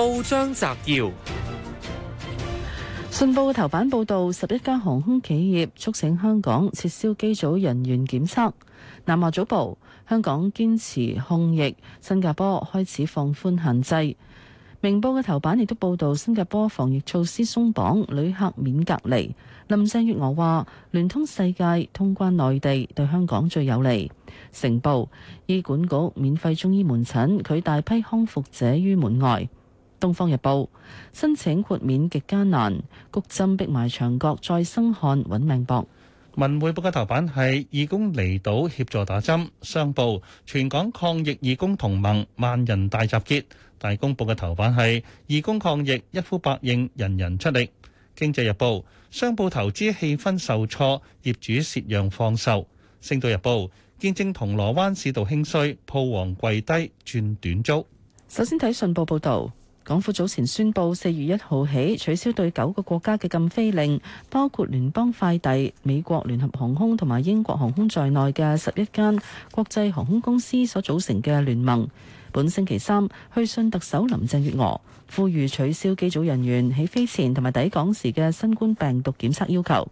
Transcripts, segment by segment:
報章摘要：信報嘅頭版報道，十一間航空企業促請香港撤銷機組人員檢測。南華早報：香港堅持控疫，新加坡開始放寬限制。明報嘅頭版亦都報道，新加坡防疫措施鬆綁，旅客免隔離。林鄭月娥話：聯通世界，通關內地對香港最有利。成報：醫管局免費中醫門診拒大批康復者於門外。《東方日報》申請豁免極艱難，谷針逼埋牆角，再生汗揾命搏。文《文匯報》嘅頭版係義工離島協助打針。商報，全港抗疫義工同盟萬人大集結。大公報嘅頭版係義工抗疫，一呼百應，人人出力。《經濟日報》商報，投資氣氛受挫，業主涉讓放售。《星島日報》見證銅鑼灣市道興衰，鋪王跪低轉短租。首先睇信報報道。港府早前宣佈，四月一號起取消對九個國家嘅禁飛令，包括聯邦快遞、美國聯合航空同埋英國航空在內嘅十一間國際航空公司所組成嘅聯盟。本星期三，去信特首林鄭月娥，呼籲取消機組人員起飛前同埋抵港時嘅新冠病毒檢測要求。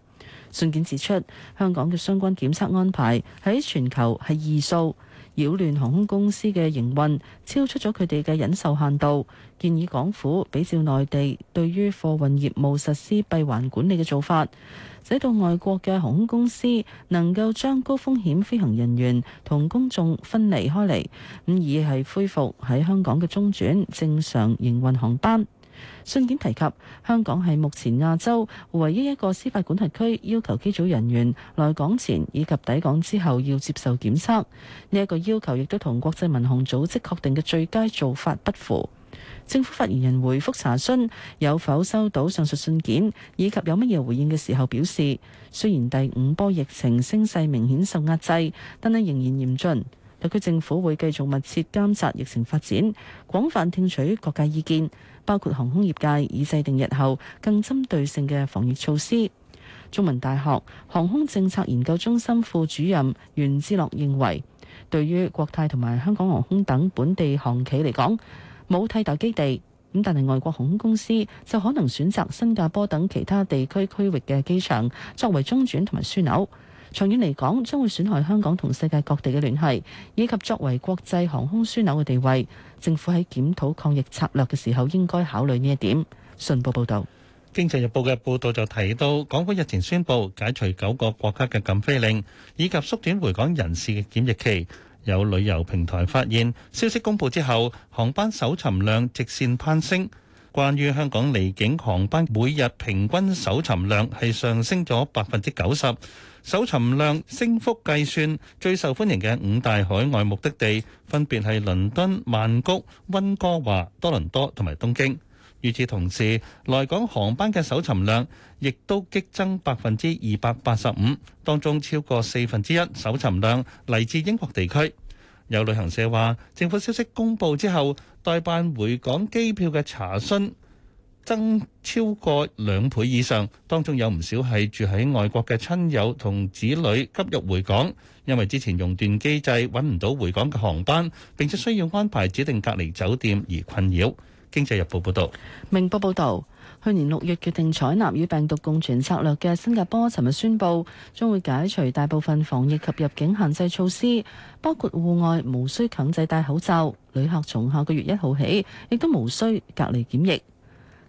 信件指出，香港嘅相關檢測安排喺全球係異數，擾亂航空公司嘅營運，超出咗佢哋嘅忍受限度。建議港府比照內地對於貨運業務實施閉環管理嘅做法，使到外國嘅航空公司能夠將高風險飛行人員同公眾分離開嚟，咁而係恢復喺香港嘅中轉正常營運航班。信件提及香港係目前亞洲唯一一個司法管轄區，要求機組人員來港前以及抵港之後要接受檢測，呢一個要求亦都同國際民航組織確定嘅最佳做法不符。政府發言人回覆查詢有否收到上述信件以及有乜嘢回應嘅時候，表示雖然第五波疫情聲勢明顯受壓制，但係仍然嚴峻。特區政府會繼續密切監察疫情發展，廣泛聽取各界意見。包括航空業界已制定日後更針對性嘅防疫措施。中文大學航空政策研究中心副主任袁志樂認為，對於國泰同埋香港航空等本地航企嚟講冇替代基地，咁但係外國航空公司就可能選擇新加坡等其他地區區域嘅機場作為中轉同埋樞紐。長遠嚟講，將會損害香港同世界各地嘅聯繫，以及作為國際航空樞紐嘅地位。政府喺檢討抗疫策略嘅時候，應該考慮呢一點。信報報導，《經濟日報》嘅報導就提到，港府日前宣布解除九個國家嘅禁飛令，以及縮短回港人士嘅檢疫期。有旅遊平台發現，消息公佈之後，航班搜尋量直線攀升。關於香港離境航班，每日平均搜尋量係上升咗百分之九十。搜尋量升幅計算，最受歡迎嘅五大海外目的地分別係倫敦、曼谷、溫哥華、多倫多同埋東京。與此同時，來港航班嘅搜尋量亦都激增百分之二百八十五，當中超過四分之一搜尋量嚟自英國地區。有旅行社話，政府消息公布之後，代辦回港機票嘅查詢增超過兩倍以上，當中有唔少係住喺外國嘅親友同子女急欲回港，因為之前熔斷機制揾唔到回港嘅航班，並且需要安排指定隔離酒店而困擾。經濟日報報道：「明報報道，去年六月決定採納與病毒共存策略嘅新加坡，尋日宣布將會解除大部分防疫及入境限制措施，包括戶外無需強制戴口罩，旅客從下個月一號起亦都無需隔離檢疫。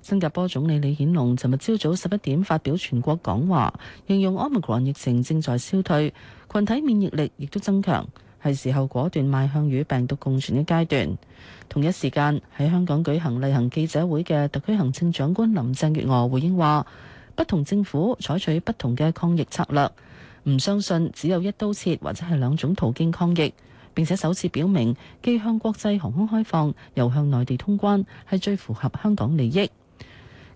新加坡總理李顯龍尋日朝早十一點發表全國講話，形容 Omicron 疫情正在消退，群體免疫力亦都增強，係時候果斷邁向與病毒共存嘅階段。同一時間，喺香港舉行例行記者會嘅特區行政長官林鄭月娥回應話，不同政府採取不同嘅抗疫策略，唔相信只有一刀切或者係兩種途徑抗疫，並且首次表明，既向國際航空開放，又向內地通關，係最符合香港利益。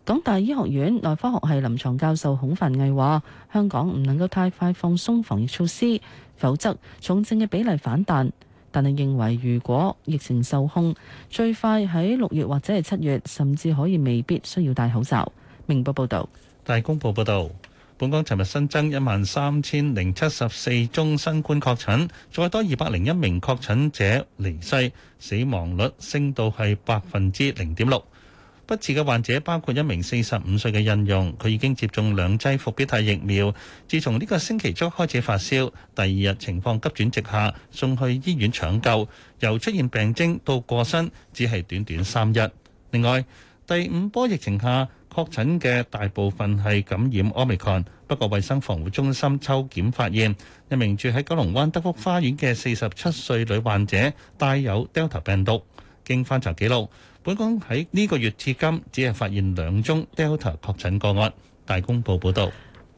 港大醫學院內科學系臨床教授孔凡毅話：香港唔能夠太快放鬆防疫措施，否則重症嘅比例反彈。但係認為，如果疫情受控，最快喺六月或者係七月，甚至可以未必需要戴口罩。明報報導，大公報報道，本港尋日新增一萬三千零七十四宗新冠確診，再多二百零一名確診者離世，死亡率升到係百分之零點六。不治嘅患者包括一名四十五歲嘅印傭，佢已經接種兩劑復必泰疫苗。自從呢個星期初開始發燒，第二日情況急轉直下，送去醫院搶救。由出現病徵到過身，只係短短三日。另外，第五波疫情下確診嘅大部分係感染 omicron。不過衛生防護中心抽檢發現，一名住喺九龍灣德福花園嘅四十七歲女患者帶有 Delta 病毒。經翻查記錄，本港喺呢個月至今只係發現兩宗 Delta 確診個案。大公報報道，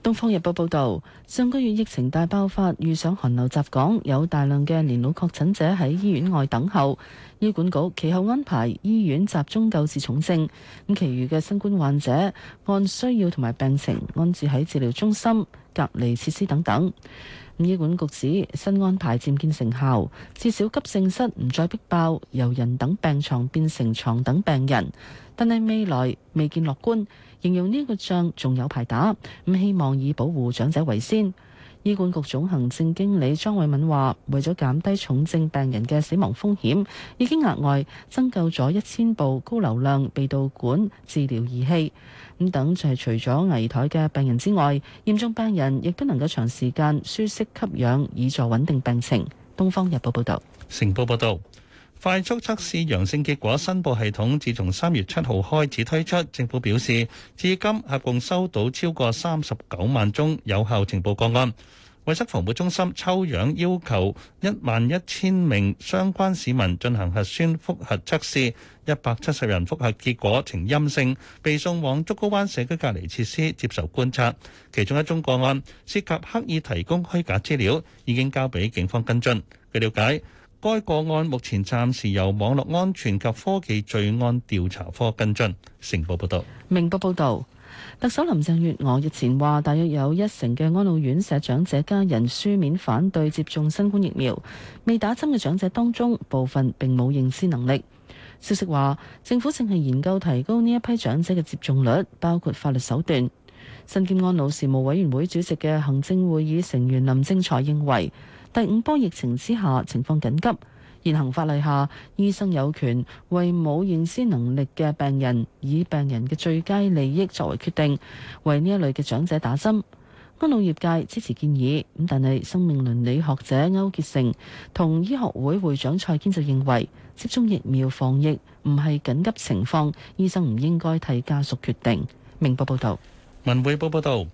東方日報報道，上個月疫情大爆發，遇上寒流襲港，有大量嘅年老確診者喺醫院外等候。醫管局其後安排醫院集中救治重症，咁其餘嘅新冠患者按需要同埋病情安置喺治療中心、隔離設施等等。醫管局指新安排漸見成效，至少急症室唔再逼爆，由人等病床變成床等病人。但係未來未見樂觀，形容呢個仗仲有排打。咁希望以保護長者為先。醫管局總行政經理莊偉敏話，為咗減低重症病人嘅死亡風險，已經額外增購咗一千部高流量鼻導管治療儀器。咁等就係除咗危殆嘅病人之外，嚴重病人亦都能夠長時間舒適吸氧，以助穩定病情。東方日報報道，成報報道。快速測試陽性結果申報系統自從三月七號開始推出，政府表示至今合共收到超過三十九萬宗有效呈報個案。衞生防護中心抽樣要求一萬一千名相關市民進行核酸複核測試，一百七十人複核結果呈陰性，被送往竹篙灣社區隔離設施接受觀察。其中一宗個案涉及刻意提供虛假資料，已經交俾警方跟進。據了解，該個案目前暫時由網絡安全及科技罪案調查科跟進。成報報道：「明報報道，特首林鄭月娥日前話，大約有一成嘅安老院舍長者家人書面反對接種新冠疫苗。未打針嘅長者當中，部分並冇認知能力。消息話，政府正係研究提高呢一批長者嘅接種率，包括法律手段。身兼安老事務委員會主席嘅行政會議成員林正財認為。第五波疫情之下，情況緊急。現行法例下，醫生有權為冇認知能力嘅病人，以病人嘅最佳利益作為決定，為呢一類嘅長者打針，安老業界支持建議，咁但係生命倫理學者歐傑成同醫學會會長蔡堅就認為，接種疫苗防疫唔係緊急情況，醫生唔應該替家屬決定。明報報道，文匯報報道。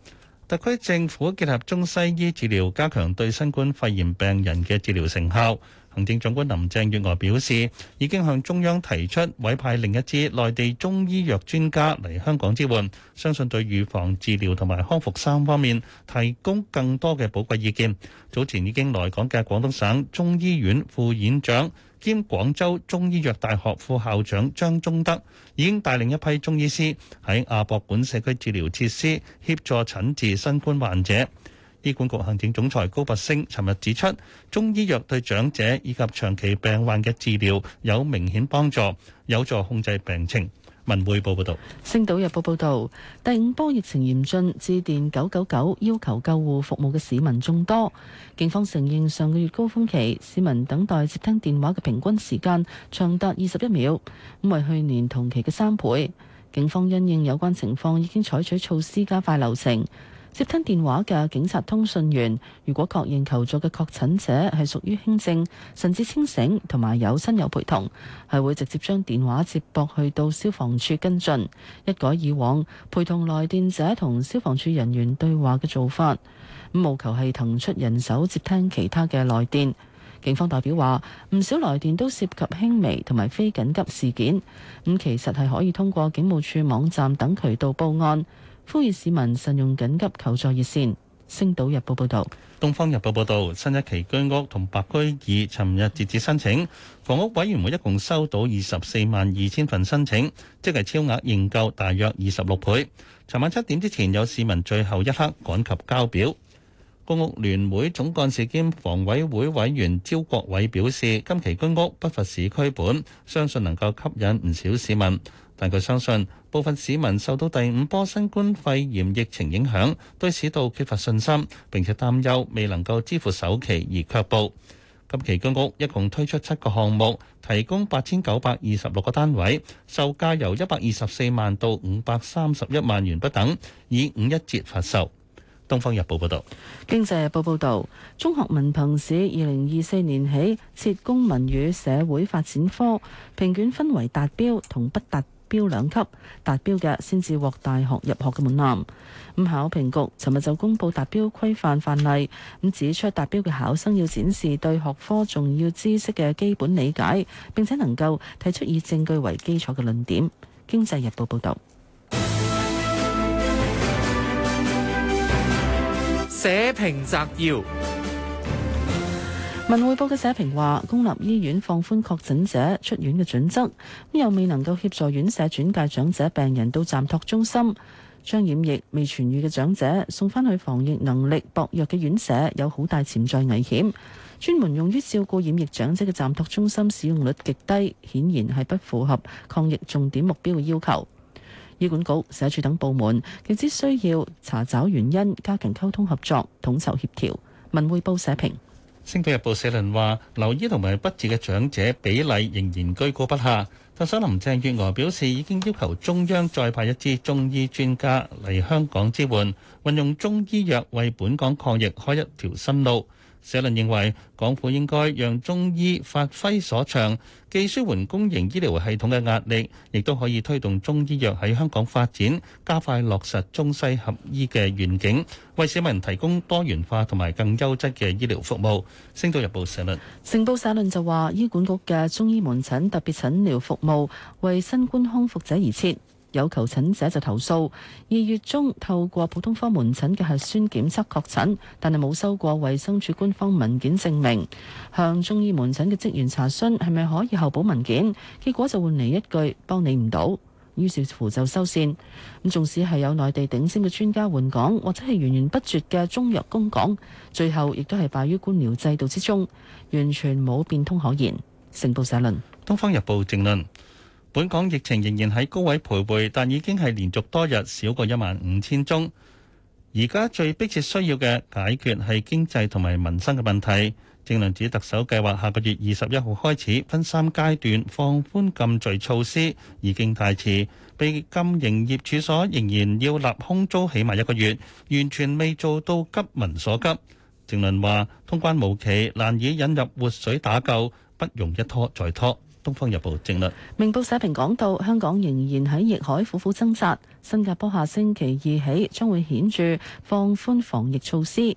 特區政府結合中西醫治療，加強對新冠肺炎病人嘅治療成效。行政長官林鄭月娥表示，已經向中央提出委派另一支內地中醫藥專家嚟香港支援，相信對預防、治療同埋康復三方面提供更多嘅寶貴意見。早前已經來港嘅廣東省中醫院副院長兼廣州中醫藥大學副校長張忠德已經帶領一批中醫師喺亞博館社區治療設施協助診治新冠患者。醫管局行政總裁高拔升尋日指出，中醫藥對長者以及長期病患嘅治療有明顯幫助，有助控制病情。文匯報報道，《星島日報》報道，第五波疫情嚴峻，致電九九九要求救護服務嘅市民眾多。警方承認上個月高峰期，市民等待接聽電話嘅平均時間長達二十一秒，咁為去年同期嘅三倍。警方因應有關情況，已經採取措施加快流程。接聽電話嘅警察通訊員，如果確認求助嘅確診者係屬於輕症、神志清醒同埋有親友陪同，係會直接將電話接駁去到消防處跟進，一改以往陪同來電者同消防處人員對話嘅做法。咁務求係騰出人手接聽其他嘅來電。警方代表話，唔少來電都涉及輕微同埋非緊急事件，咁其實係可以通過警務處網站等渠道報案。呼籲市民慎用緊急求助熱線。星島日報報道：東方日報報道，新一期居屋同白居二尋日截止申請，房屋委員會一共收到二十四萬二千份申請，即係超額認購大約二十六倍。尋晚七點之前有市民最後一刻趕及交表。公屋聯會總幹事兼房委會委員招國偉表示：今期居屋不乏市區本，相信能夠吸引唔少市民。但佢相信部分市民受到第五波新冠肺炎疫情影響，對市道缺乏信心，並且擔憂未能夠支付首期而卻步。今期居屋一共推出七個項目，提供八千九百二十六個單位，售價由一百二十四萬到五百三十一萬元不等，以五一折發售。《東方日報》報道，《經濟日報》報導，中學文憑試二零二四年起設公民與社會發展科，評卷分為達標同不達標兩級，達標嘅先至獲大學入學嘅門檻。咁考評局尋日就公布達標規範範例，咁指出達標嘅考生要展示對學科重要知識嘅基本理解，並且能夠提出以證據為基礎嘅論點。《經濟日報》報道。社評摘要：文匯報嘅社評話，公立醫院放寬確診者出院嘅準則，又未能夠協助院舍轉介長者病人到暫托中心，將染疫未痊癒嘅長者送返去防疫能力薄弱嘅院舍，有好大潛在危險。專門用於照顧染疫長者嘅暫托中心使用率極低，顯然係不符合抗疫重點目標嘅要求。醫管局、社署等部門亦只需要查找原因，加強溝通合作，統籌協調。文匯報社評。《星島日報》社論話，留醫同埋不治嘅長者比例仍然居高不下。特首林鄭月娥表示，已經要求中央再派一支中醫專家嚟香港支援，運用中醫藥為本港抗疫開一條新路。社論認為，港府應該讓中醫發揮所長，既舒緩公營醫療系統嘅壓力，亦都可以推動中醫藥喺香港發展，加快落實中西合醫嘅願景，為市民提供多元化同埋更優質嘅醫療服務。星島日報社論。成報社論就話，醫管局嘅中醫門診特別診療服務為新冠康復者而設。有求診者就投訴，二月中透過普通科門診嘅核酸檢測確診，但係冇收過衛生署官方文件證明，向中醫門診嘅職員查詢係咪可以候補文件，結果就換嚟一句幫你唔到，於是乎就收線。咁縱使係有內地頂尖嘅專家援港，或者係源源不絕嘅中藥供港，最後亦都係敗於官僚制度之中，完全冇變通可言。成報社論，《東方日報》正論。本港疫情仍然喺高位徘徊，但已經係連續多日少過一萬五千宗。而家最迫切需要嘅解決係經濟同埋民生嘅問題。鄭倫指特首計劃下個月二十一號開始分三階段放寬禁聚措施已經太遲，被禁營業處所仍然要納空租起碼一個月，完全未做到急民所急。鄭倫話：通關無期，難以引入活水打救，不容一拖再拖。《東方日報》政略明報社評講到，香港仍然喺疫海苦苦掙扎。新加坡下星期二起將會顯著放寬防疫措施。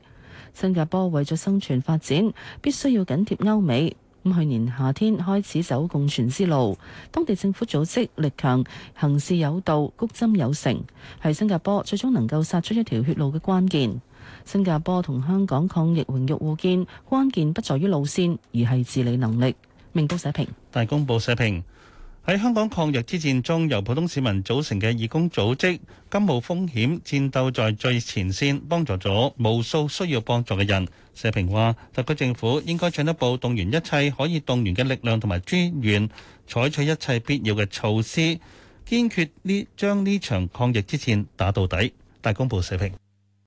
新加坡為咗生存發展，必須要緊貼歐美。咁去年夏天開始走共存之路，當地政府組織力強，行事有道，谷針有成，係新加坡最終能夠殺出一條血路嘅關鍵。新加坡同香港抗疫榮辱互見，關鍵不在於路線，而係治理能力。明報社評。大公報社評，喺香港抗疫之戰中，由普通市民組成嘅義工組織甘冒風險戰鬥在最前線，幫助咗無數需要幫助嘅人。社評話，特區政府應該進一步動員一切可以動員嘅力量同埋資源，採取一切必要嘅措施，堅決呢將呢場抗疫之戰打到底。大公報社評。